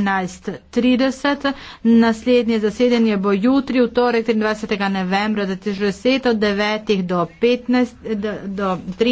11.30. Naslednje zasedanje bo jutri, v torek 23. novembra 2010 od 9. do 15. Do, do 3.